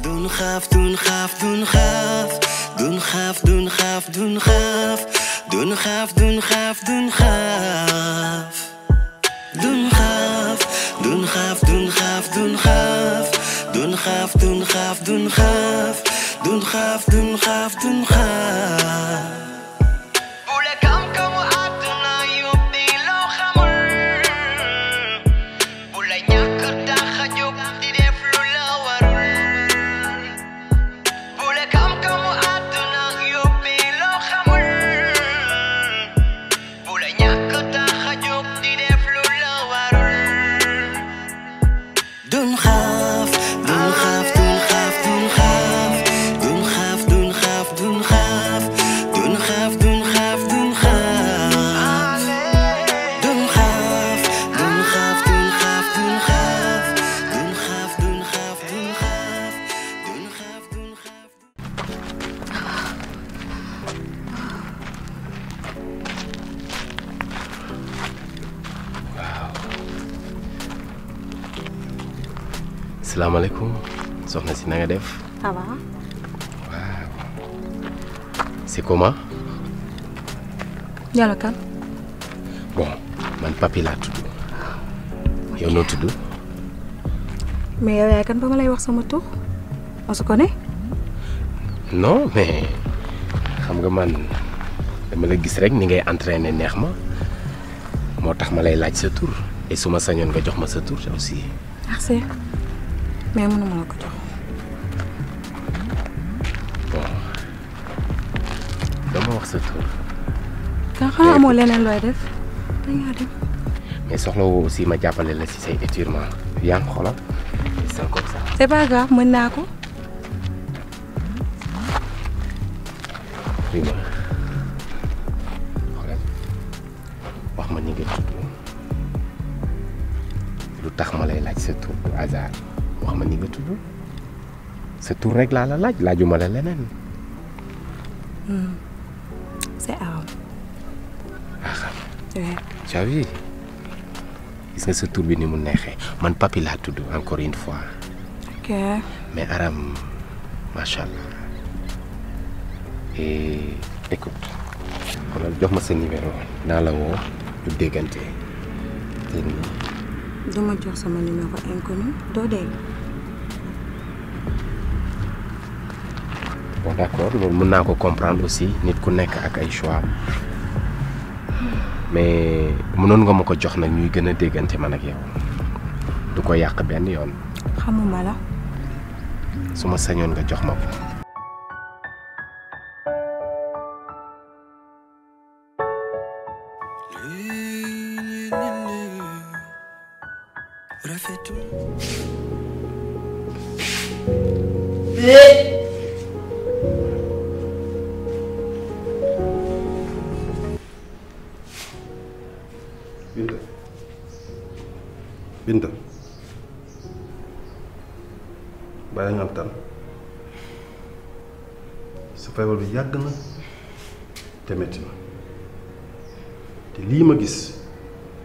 Doen gaaf, doen gaaf, doen gaaf. Doen gaaf, doen gaaf, doen gaaf. Doen gaaf, doen gaaf, doen gaaf. Doen gaaf, doen gaaf, doen gaaf, doen gaaf. Doen gaaf, doen gaaf, doen gaaf. Doen gaaf, doen gaaf, doen gaaf. nga def ça va wow. c'est comment ya, kan bon man papi laa tudd oh, yow noo iya. mais yow ya kan ba lay wax sama tur on se connaît non mais xam nga man dama la gis rek ni ngay entraîner ma lay laaj sa tur et su ma nga jox ma sa aussi merci mais mënuma la ko jox ma wax sa tur. nga xam amoo leneen looy def mais soxla woo aussi ma jàppale la ci say éturement yaa ngi xoolal c'est comme ça. c'est mën naa ko. Rima wax ma ni nga lu tax ma lay laaj sa tur du hasard wax ma ni nga tudd sa tur rek laa la laaj laajuma la leneen. tu as vu gis nga sa tur ni mu neexee man papi l'a tudd encore une fois. ok mais Aram macha allah et écoute xoolal jox ma ce numéro naa la woo ñu déggante te nii. du ma jox sama numéro inconnu doo dégg. bon d'accord, accord loolu mën naa comprendre aussi nit ku nekk ak ay choix mais mënoon nga ma ko jox nag ñuy gën a déggante man ak yow du ko yàq benn yoon. xamuma la. su ma sañoon nga jox ma ko. Binta bàyyi ngam am tan sa feebar bi yag na te metti na te li ma gis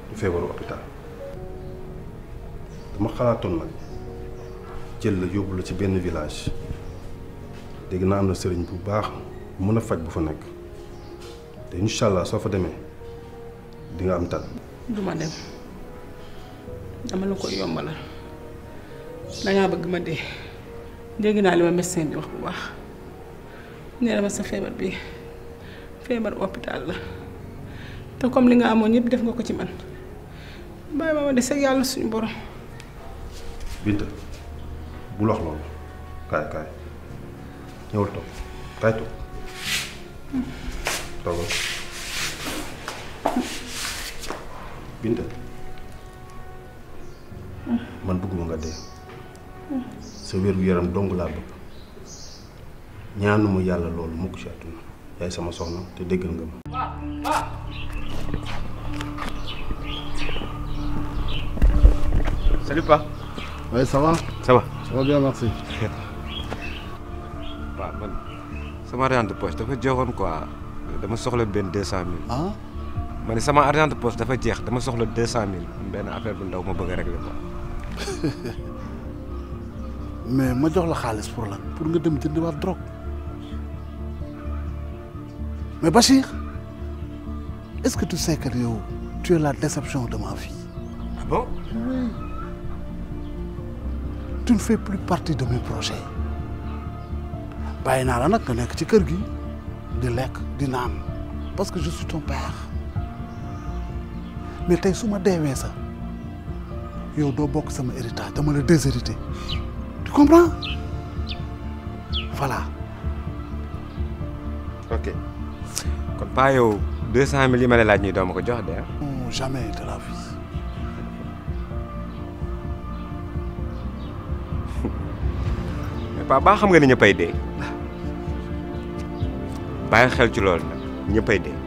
du feebaru hôpital dama xalaton nak jël la yobul ci benn village Deg na am na serigne bu baax mu na faj bu fa nek. te inshallah so fa demee di nga am tan Duma dem dama la koy yombalal dangaa bëgg ma dee dégg naa li ma médecin bi wax bu waax nee na ma sa feebar bi feebar hôpital la te comme li nga amoon yëpp def nga ko ci man bàyyi ma ma des ak yàlla suñu borom. Binta bul wax loolu kaay kaay ñëwal toog kaay toog Binta. man bëgguma nga dee sa wér-gu-yaram dong laa bëgg ñaanuma yàlla loolu mukk ci àdduna yaay sama soxna te déggal nga ma salut Pa ouais ça va ça va ça va bien merci pa, man sama argent de poche dafa jeexoon quoi dama soxla ben deux cent ah ma sama argent de poche dafa jeex dama soxla deux cent mille affaire bu ndaw ma bëgg a régler quoi mais ma jox la xaalis pour que pour nga dem jëndiwaat drogue mais Bachir est-ce que tu sais que tu es la déception de ma vie. ah bon. oui tu ne fais plus partie de mes projets bàyyi naa la nag nga nekk ci kër de di di parce que je suis ton père mais es sous ma yow doo bokk sama héritage dama la déshérité tu comprends voilà. ok kon pas yow deux cent mille yi ma la laaj nii doom ma ko jox de ah. jamais de baa xam nga ni ñëppay dee bàyyi xel ci loolu nag ñëppay dee.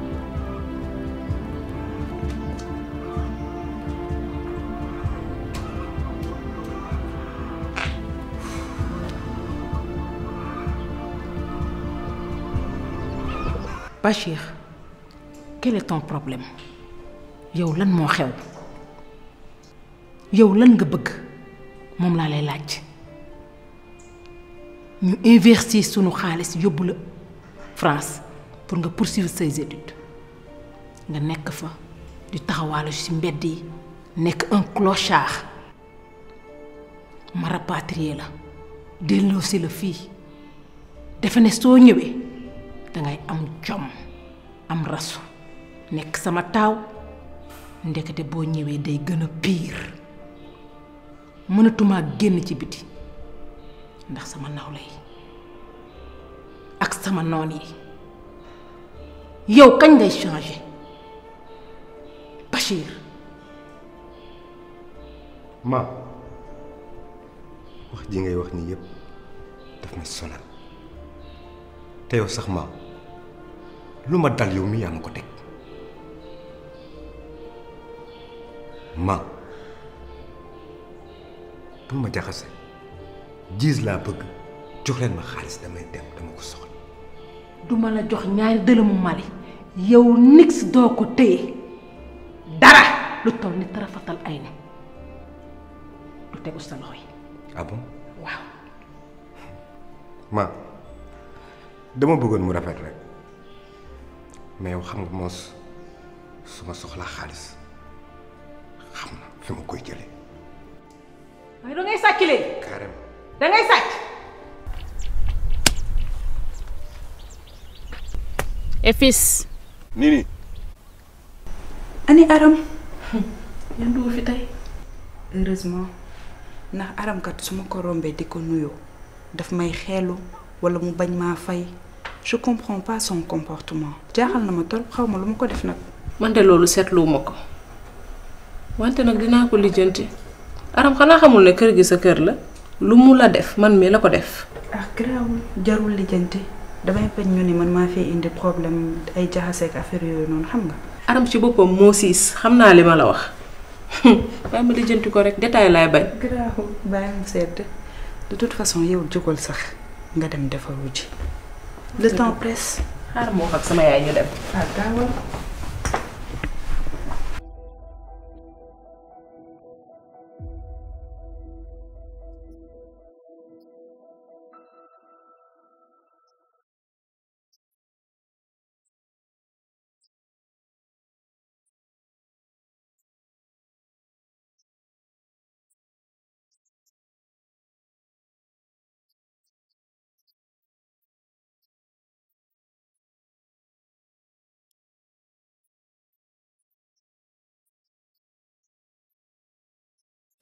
Bachir quel est ton problème yow lan mo xew yow lan nga bëgg Mom la lay laaj ñu investir sunu France pour nga poursuivre ses études nga nekk fa di taxawal ci mbedd un clochard ma rapatrier la delo je le fi ngay am jom am rasu nek sama taw ndekete bo ñewé day gëna pire piir tuma génn ci biti ndax sama nawle ak sama non yi yow kañ ngay changer bashir ma wax ji ngay wax ni yépp daf na sonal te sax ma lu ma dal yow mi ya, ma ko teg ma bu ma jaxase jiis laa bëgg jox ma khalis damay dem dama ko soxla du ma la jox ñaari mali yow nix do ko dara lu tol ni fatal ay ne Lu tegu sa loxo ah ma dama bëggoon mu rafet rek mais yow xam nga moos su ma soxlaa xaalis xam na fi ma koy jëlee. waaye da sàcc léegi. carrément da sàcc. Efis. nii nii. ani Aram. yan fi tey. heureusement ndax aramkat su ma ko rombee di ko nuyoo daf may xeelu walla mu bañ maa fay. je comprends pas son comportement ne na ma tol xawma luma ko def nak. man de comprends pas mako. wante nak ne ko aram xamul ne kër gi sa la Lumu la def man ne la ko def. ah jarul damay ñu ni man indi problème ay ak affaire yoy non xam nga. aram ci Moses. ne la wax Ba ma ko rek de toute façon yow jógal sax nga dem defaru le temps presse. xaaral ma wax ak sama yaay ñu dem.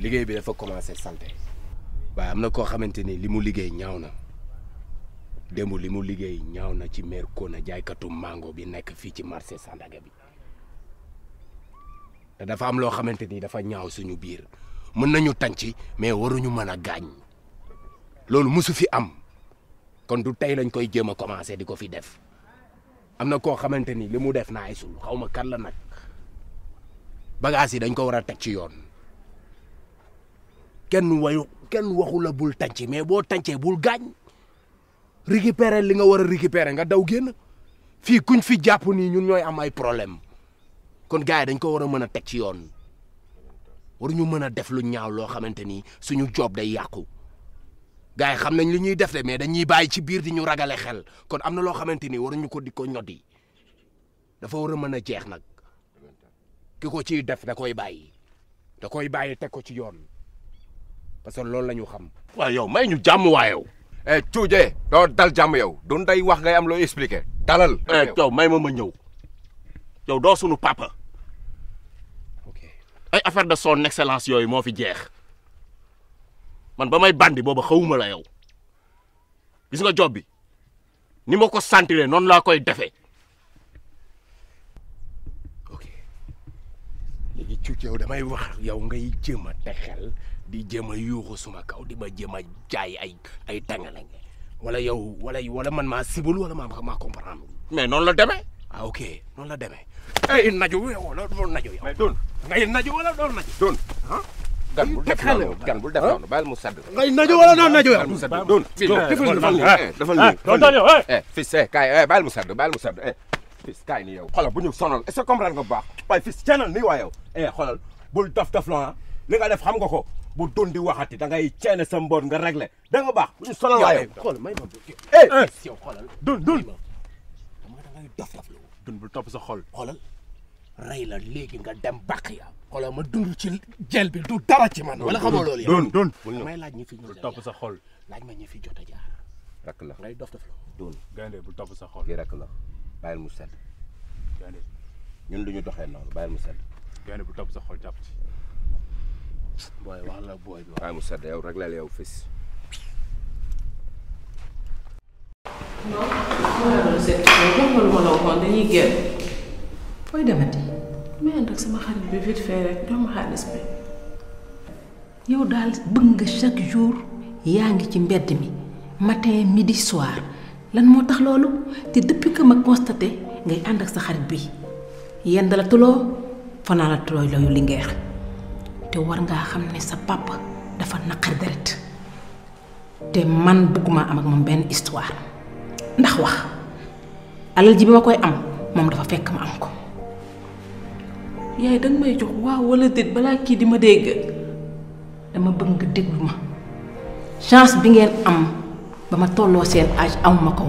liggéey bi dafa commencé salte waaye am na koo xamante ni li mu liggéey ñaaw na démb li mu liggéey ñaaw na ci maire Kona jaaykatu mango bi nekk fii ci marché Sandaga bi te dafa am loo xamante ni dafa ñaaw suñu biir mën nañu tànc mais waruñu mën a gaañ loolu musu fi am kon du tey lañ koy jéem a commencé di ko fi def am na koo xamante ni li mu def naa ay sul xaw ma kan la nag bagages yi dañ ko war a teg ci yoon. kenn wayu kenn waxu la bul tànc mais boo tàncee bul gaañ récupérer li nga war a récupérer nga daw génn fii kuñ fi jàpp nii ñun ñooy am ay problème kon gars yi dañ ko war a mën a teg ci yoon ñu mën a def lu ñaaw loo xamante ni suñu joob day yàqu gars yi xam nañ li ñuy def de mais dañuy bàyyi ci biir di ñu ragale xel kon am na loo xamante ni waruñu ko di ko ñoddi dafa war a mën a jeex nag ki ko ciy def da koy bàyyi da koy bàyyi teg ko ci yoon parce que loolu la ñu xam. waa yow may ñu jàmm waa yow. Cuuje eh, doo dal jàmm yow doon day wax ngay am loo expliqué dalal. Eh, yow may ma ma ñëw yow doo sunu papa ay affaire de son excellence yooyu moo fi jeex man ba may bandi booba xawuma la yow gis nga job bi ni ma ko sentiree noonu laa koy defee. ok léegi Cuuje yow damay wax yow ngay jéem a texel di jema a suma kaw di ma jema a jaay ay ay tàngale wala yow wala wala man ma sibul wala ma ma comprendre. mais non la deme ah ok non la deme ay eh, naju eh, wala doon naju yow. mais don ngay naju wala doon naju. don hein? gan bul def noonu gan bul def hein? noonu bàyyil mu sadd ngay naju wala doon naju yow. doon defal nii eh, defal don doon yow eh. fils eh kaay eh bàyyil mu sadd bàyyil mu sadd eh. fils kay ni yow. xolal bu ñu sonal est-ce comprendre nga bu baax. waaye fils ceenal nii waa yow. eh xolal bul taf daf loo ah. li nga def xam nga ko bu dul di waxati da ngay ceene sa mboot nga réglé da nga baax. ñu sonal laa ma eh, eh, eh, eh yow xoolal. dun dun da ngay dof bu topp sa xol. xoolal rey la léegi nga dem bàq ya. xoolal ma dund ci jël bi du dara ci man. wala xamoo loolu yow dun dun dun. may laaj ñi fi ñu topp sa xol. laaj ma ñi fi jot a jaar. rakk la ngay dof dof la. dun gaynde bu topp sa xol. kii rakk la bàyyil mu sedd. gaynde ñun lu ñu doxee noonu bàyyil mu sedd. gaynde bu topp sa xol jàpp ci. booy wax la booy bi. waaye mu sedd yow rek la yow fés. non daal bëgg nga chaque jour yaa ngi ci mbedd mi matin midi soir lan moo tax loolu te depuis que ma constaté ngay ànd ak sa xarit bi yenn dala tuloo fanaa la te war nga xam sa papa dafa nakar deret te man bugguma am ak mom ben histoire ndax wax alal ji bima koy am mom dafa fekk ma am ko yaay dang may jox wa wala déet bala ki di ma dégg dama bëgg nga chance bi ngeen am bama tolo sen age am amuma ko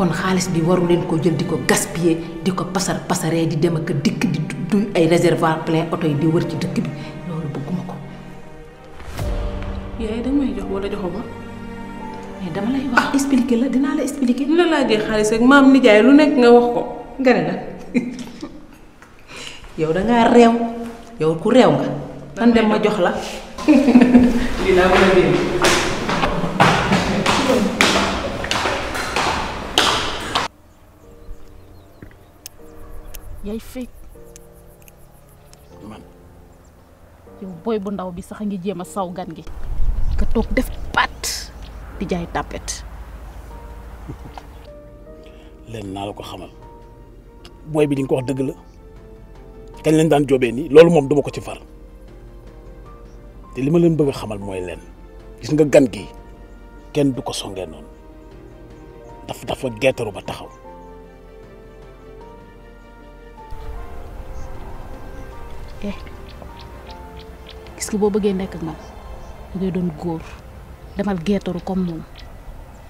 kon xaalis bi waru leen ko jël di ko gaspiller di ko pasar pasaree di dem ak dikk di duy ay réservoir plein oto yi di wër ci dëkk bi loolu bëgguma ko. yaay damay jox wala joxu ma. mais dama la dinaa la expliquer. lu la laajee xaalis rek maam nijaay lu nekk nga wax ko nga la yow da ngaa réew yow ku réew nga. man dem ma jox la. yay fek, man yow boy bu ndaw bi sax nga jema saw gan gi tok def pat di jay tapet Len na la ko xamal boy bi li ko wax deug la kañ len dan jobe ni lolou mom duma ko ci far te lima len beug xamal moy len gis nga gan gi kenn du ko songé non daf dafa gertaru ba taxaw eh gis nga boo bëggee nekk ak man ngay doon góor demal geetaru comme moom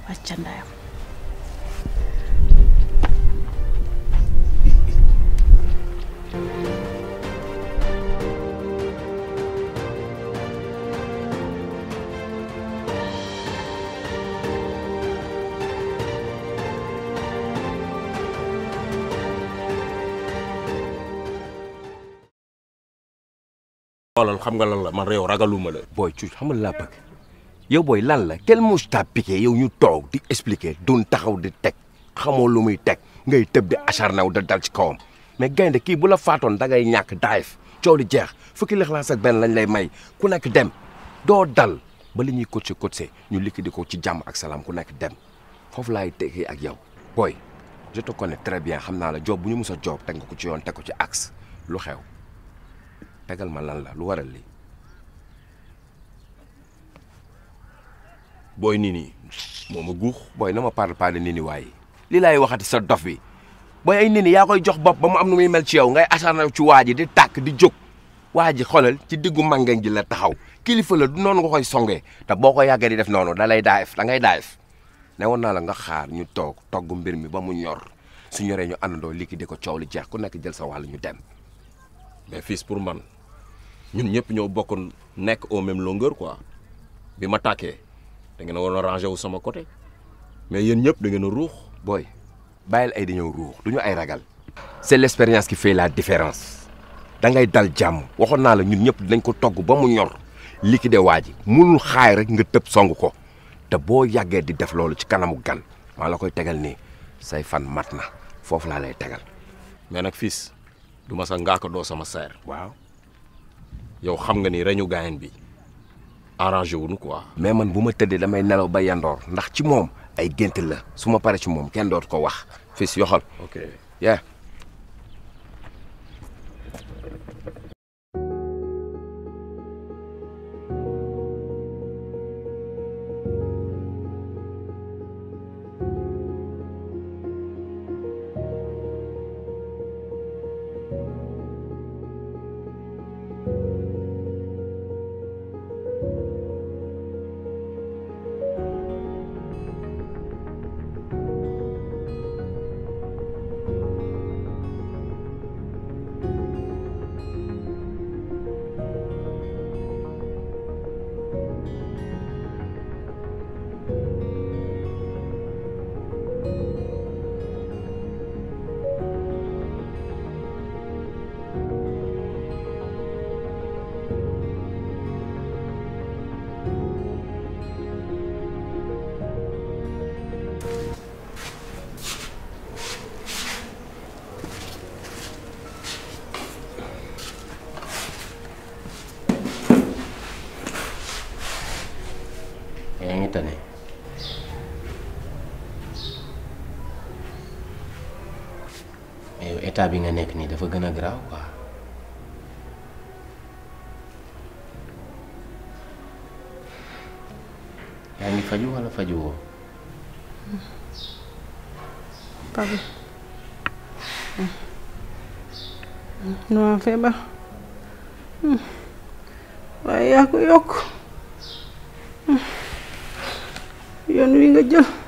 wàccandaayam xoolal xam nga lan la man réew ragaluma la. booy cuuc xam nga laa bëgg yow booy lan la kenn mouche t'a piqué yow ñu toog di expliquer doon taxaw di teg xamoo lu muy teg ngay tëb di acharné wu da dal ci kawam mais gaynde kii bu la faatoon da ngay ñàkk daayif coow li jeex fukki lixlaas ak benn lañ lay may ku nekk dem doo dal ba li ñuy coaché coaché ñu liggéey ko ci jàmm ak salaam ku nekk dem foofu laay tegee ak yow booy jot te connais très bien xam naa la job bu ñu mus a job teg ko ci yoon teg ko ci axe lu xew. tegal ma lan la lu waral lii booy nii nii moo ma guux booy na ma parle pas de nii nii waaye li laay waxati sa dof bi booy ay nii yaa koy jox bopp ba mu am nu muy mel ci yow ngay asarnaw ci waa ji di tàkk di jóg waa ji xoolal ci diggu màngañ ji la taxaw kilifa la du noonu nga koy songee te boo ko yàggee def noonu da lay da ngay daayef ne naa la nga xaar ñu toog togg mbir mi ba mu ñor su ñoree ñu àndandoo liquide ko coow li jeex ku nekk jël sa wàll ñu dem mais fils pour man ñun ñëpp ñoo bokkon nekk au même longueur quoi bi ma taqué da ngeen mais yeen ñëpp da ngeen a ruux. boy bàyyil ay dañoo c'est l'expérience qui fait la différence da ngay dal jàmm waxon na la ñun ñëpp dañ ko togg ba mu ñor rek nga tepp song ko te bo yagge di def la mais fils sa yow xam nga ni reñu gaayen bi arrangé wuñu quoi. mais man bu ma tëddee damay nelaw ba yandoor ndax ci moom ay gént la suma ma paree ci moom kenn doot ko wax fii si yoxal. ok yaa mais yow état bi nga nekk nii dafa gën a grave quoi. yaa ngi faju walla fajuwoo. papa. dama hmm. hmm. hmm. feebar. waaye yaa ko yokk yoon wi nga jël.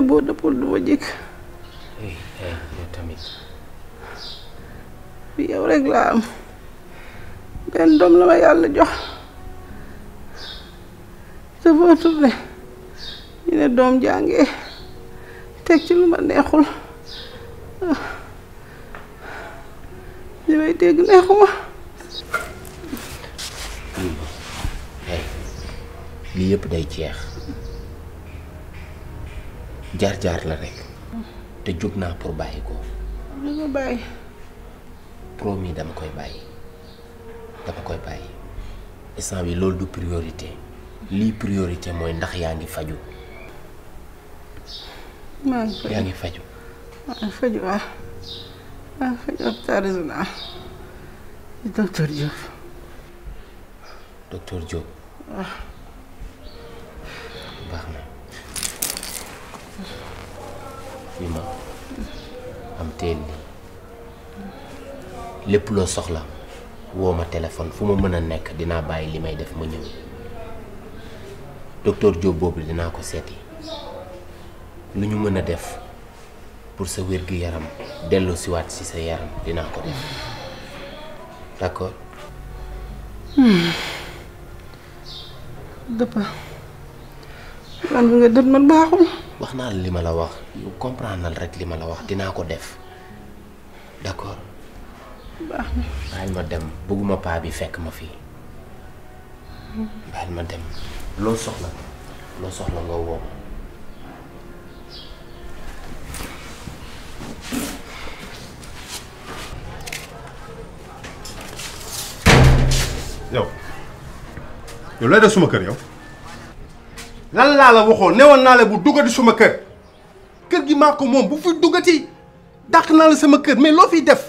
boo dëppul du ma jëkk eh, eh, tamit bi yow rek laa am benn doom la ma yàlla jox te boo turne ñu ne doom jàngee teg ci lu ma neexul ah. li may dégg neexuma lii yëpp day jeex jaar-jaar la rek te jóg naa pour bàyyi ko. li nga bàyyi. promis dama koy bàyyi dama koy bàyyi instant bi loolu du priorité lii priorité mooy ndax yaa ngi faju maa ngi faju yaa ngi faju. maa ngi faju waaw maa ngi faju hôpital régional docteur Diop. docteur Diop. waaw. Mima am teen lépp loo soxla woo ma téléphone fu ma mën a nekk dinaa bàyyi li may def ma ñëw docteur Diop boobu dinaa ko seeti lu ñu mën a def pour sa wér-gu-yaram dellu siwaat si sa yaram dina ko def d'accord hmm. dëppa man bi nga dët man baaxul wax naa la li ma la wax yow comprendre rek li ma la wax dinaa ko def d'accord. baax na bàyyi ma dem bëgguma paa bi fekk ma fii bàyyi ma dem loo soxla loo soxla ngoo woo ma yow yow lay def suma kër yow lan laa la waxoo nee woon naa la bu duggati suma kër kër gi maa ko moom bu fi duggati dàq naa la sama kër mais loo fiy def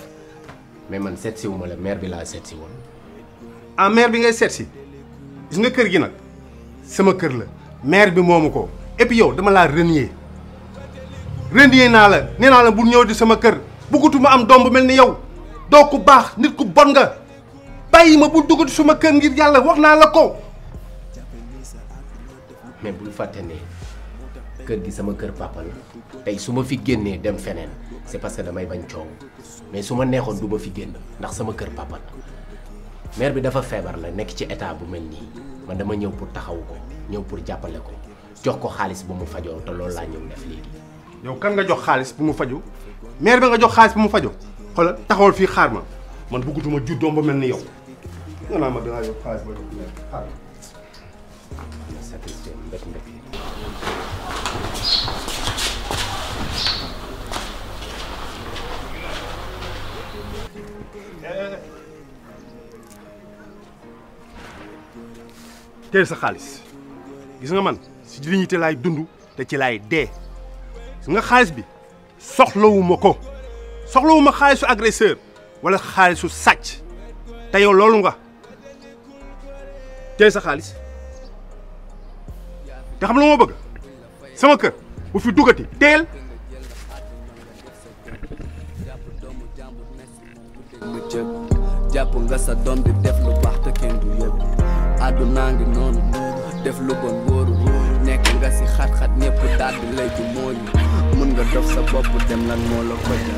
mais man seet wu ma la maire bi laa seet si woon ah maire bi ngay seet si gis nga kër gi nag sama kër la maire bi moomu ko et yow dama laa renier yée naa la nee naa la bu ñëw di sama kër bëggatuma am doom bu mel ni yow doo ku baax nit ku bon nga bàyyi ma bu duggati suma kër ngir yàlla wax naa la ko mais bul faté né kër gi sama kër papa la tay suma fi génné dem fenen c'est parce que damay bañ ciow mais suma ma duma fi génn ndax sama kër papa la mère bi dafa feebar la nek ci état bu melni man dama ñëw pour taxaw ko ñëw pour jappalé ko jox ko xaalis bu mu fajo té lool la ñëw def légui yow kan nga jox xaalis bu mu fajo mère bi nga jox xaalis bu mu fajo xol taxawal fi xaar ma man bëggutuma jur ba melni yow nga na ma dangaa yow xaalis ba jox xaar président teel sa xaalis gis nga man si dignité laay dund te ci laay dee gis nga xaalis bi soxlawuma ko soxlawuma xaalisu agresseur walla xaalisu sàcc te yow loolu nga teel sa xaalis te xam la moo bëgg sama kër bu fi duggati teel. jàpp nga sa doom di def lu baax te kenn du yëg àdduna ngi noonu def lu bon wóoru nekk nga si xat-xat ñëpp daal di lay ju mooyu mun nga dof sa bopp dem lan moo la ko ca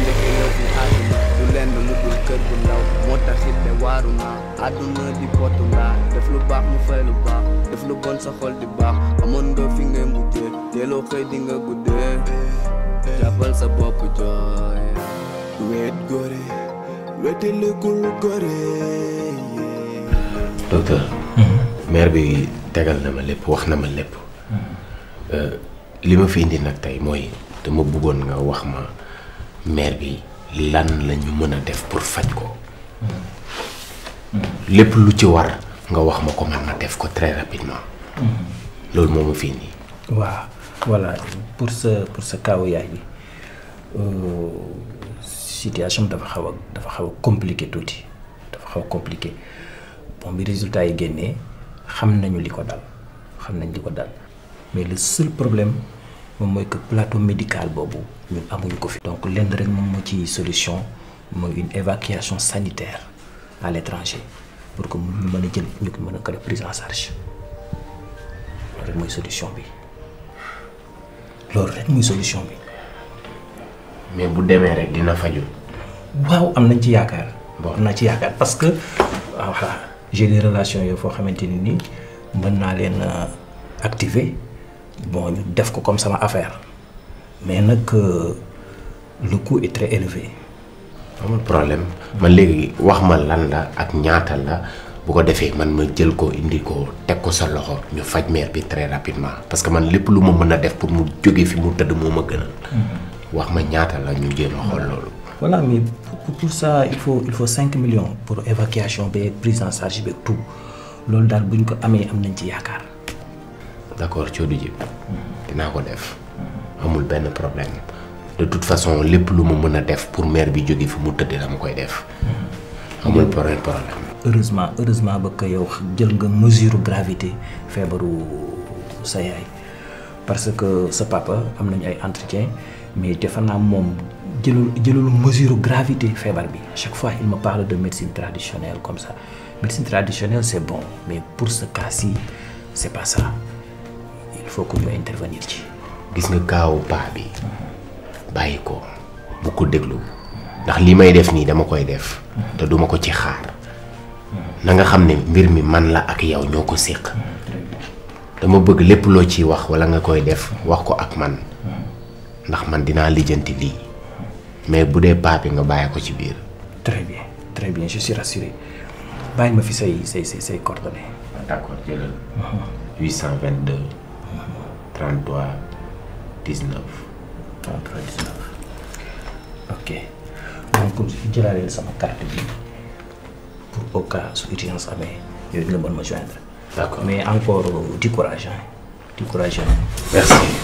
ndeke yow fi àdduna du lenn kër bu ndaw mo taxit de waruna aduna di potu ndaa def lu bax mu fay lu bax def lu bon sa xol di bax amon nga fi ngay mujjee teeloo xey di nga guddee jabal sa bop joy wet gore le wetelikul gore docteur hmm. mer bi tegal na hmm. eh, ma lepp wax na ma lepp euh lima fi indi nak tay moy dama bëggon nga wax ma mer bi lan lañu mëna def pour fajj ko lépp lu ci war nga wax ma ko man ma def ko très rapidement loolu moo ma fii nii waaw voilà pour sa pour sa kaawu yaay bi situation dafa xaw a dafa xaw a compliqué tuuti dafa xaw a compliqué bon bi résultat yi génnee xam nañu li ko dal xam nañ li ko dal mais le seul problème moom mooy que plateau médical boobu ñun ko fi. donc l'un rek moom ci solution mooy une évacuation sanitaire à l'étranger, pour que mu mën a jël ñu ko ko prise en charge loolu rek solution bi loolu rek mooy solution bi. mais bu devez rek dina faju waaw am nañ ci yaakaar. bon am naa ci yaakaar parce que ah, voilà j'ai des relations yoo foo xamante ni nii mën naa leen euh, activer bon ñu def ko comme ça affaire mais nak euh, le coût est très élevé. amul problème man légui wax ma lan la ak ñaata la bu ko défé man ma jël ko indi ko teg ko sa loxo ñu faj mère bi très rapidement parce que man lepp lu ma mën def pour mu joggé fi mu tedd moo ma gënal. Mm-hmm. wax ma ñaata la ñu jéem xol lolu voilà mais pour, pour ça il faut il faut cinq millions pour évacuation ba prise en charge beeg tout lolu dal buñ ko amé am nañ ci yaakaar. d'accord accord Codou dina ko def amul de problème de toute façon les lu ma pour def pour mère bi jóge fi mu tëdd dama koy def amul problème heureusement heureusement ba y yow jël nga mesure gravité fièvre sa yaay parce que sa papa am nañu ay entretien mais il mom jëlul jëlul mesure gravité fièvre bi chaque fois il me parle de médecine traditionnelle comme ça médecine traditionnelle c'est bon mais pour ce cas-ci c'est pas ça il faut que vous interveniez. gis nga kaw pa bi bayiko ko bu ko deglu ndax li may def nii dama koy def te duma ko ci xaar na nga xamne mbir mi man la ak yow ñoko sekk dama bëgg lepp lo ci wax wala nga koy def wax ko ak man ndax man dina lijeenti li mais bu dé nga bàyyi ko ci biir. très bien très bien je suis rassuré bàyyi ma fi say say say say coordonnées. d'accord jëlal 822 33. 19. 33 19 ok donc jëlaat leen sama carte bi pour au cas su urgence amee yooyu dina mën ma joindre. d' accord mais encore euh, du courage merci.